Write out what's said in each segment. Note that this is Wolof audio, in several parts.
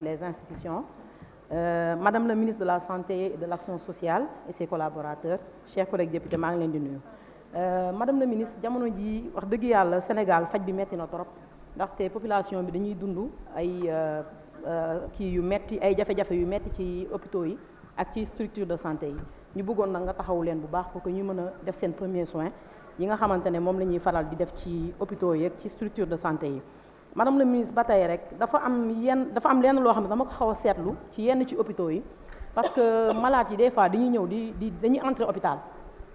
les institutions euh, madame la ministre de la santé de l'action sociale et ses collaborateurs chers collègues députés maa ngi leen di nuyu euh, madam la ministre jamono ji wax dëgg yàlla Sénégal faj bi metti na trop ndaxte population bi dañuy dundu ay euh, euh, kii yu metti ay jafe-jafe yu metti ci hôpitaux yi ak ci structure de santé yi ñu bëggoon nag nga taxaw leen bu baax pour que ñu mën a def seen premier soin yi nga xamante ne moom la ñuy faral di def ci hôpitaux yeeg ci structure de santé yi madame la ministre ba tey rek dafa am yenn dafa am lenn loo xam ne dama ko xaw a seetlu ci yenn ci hôpitaux yi parce que malaat yi des fois dañuy ñëw di di dañuy entrer hôpital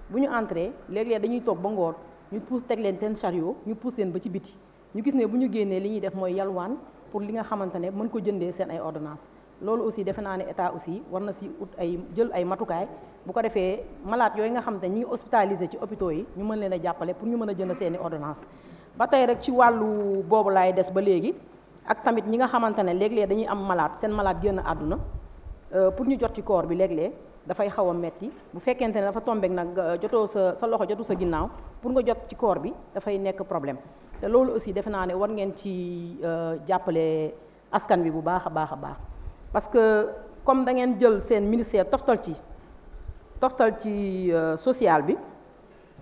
bu ñu entrer léeg-léeg dañuy toog ba ngoor ñu pousse teg leen seen chariot ñu pousse leen ba ci biti ñu gis ne bu ñu génnee li ñuy def mooy yalwaan pour li nga xamante ne mën ko jëndee seen ay ordonnance loolu aussi defe naa ne état aussi war na si ut ay jël ay matukaay bu ko defee malade yooyu nga xam te ñi ngi ci hôpitaux yi ñu mën leen a jàppale pour ñu mën a jënd seeni ordonnance ba tey rek ci boobu laay des ba léegi ak tamit ñi nga xamante ne léeg dañuy am malade seen malade génn àdduna euh, pour ñu jot ci koor bi léeg dafay xaw a metti bu fekkente ne dafa tombeek nag euh, jotoo sa sa loxo jotu sa ginnaaw pour nga jot ci corps bi dafay nekk problème te loolu aussi defe naa ne war ngeen ci euh, jàppale askan bi bu baax a baax a baax parce que comme da ngeen jël seen ministère toftal ci toftal ci euh, social bi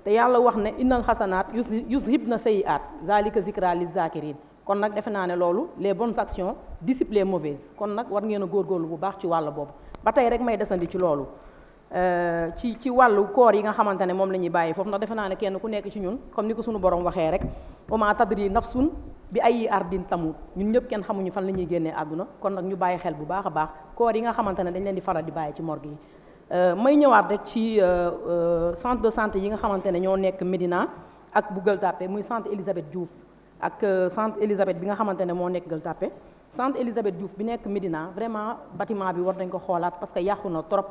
te yàlla wax ne innal xasanaat yuzhibna sayyi'aat zaalika zikraa liz-zaakiriin kon nag defe naa ne loolu les bonnes actions dissipent les kon nag war ngeen a góorgóorlu bu baax ci wàll boobu ba tey rek may desandi ci loolu euh, ci ci wàllu koor yi nga xamante ne moom la ñuy bàyyi foofu ndax defe naa ne kenn ku nekk ci ñun comme ni ko sunu borom waxee rek wa maa tadri nafsun bi ay yi ardin tamut ñun ñëpp kenn xamuñu fan la ñuy génnee àdduna kon nag ñu bàyyi xel bu baax a baax koor yi nga xamante ne dañ leen di faral di bàyyi ci morgue yi euh, may ñëwaat rek ci euh, euh, centre de santé yi nga xamante ne ñoo nekk Médina ak bu Gueule muy centre Elisabeth jouf ak centre Elisabeth bi nga xamante ne moo nekk Gueule Tapée centre Elisabeth Diouf bi nekk Médina vraiment batiment bi war nañ ko xoolaat parce que yàqu na trop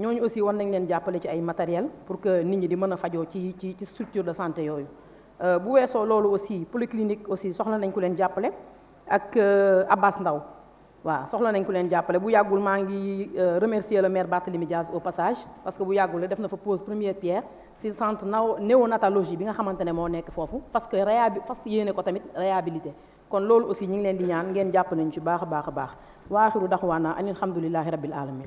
ñooñu aussi war nañ leen jàppale ci ay matériel pour que nit ñi di mën a fajoo ci ci ci structure de santé yooyu Euh, bu weesoo loolu aussi polyclinique aussi soxla nañ ku leen jàppale ak euh, Abbas Ndaw waaw soxla nañ ku leen jàppale bu yàggul maa ngi euh, remercier le maire Barthélémy Diaz au passage parce que bu yàggul def na fa pose première pierre ci centre naw néonatologie bi nga xamante ne moo nekk foofu parce que réhabi fas yéene ko tamit réhabilité kon loolu aussi ñu ngi leen di ñaan ngeen jàpp nañ ci baax a baax a baax waaxiru daxwaanaa ani alhamdulilahi rabbil alamin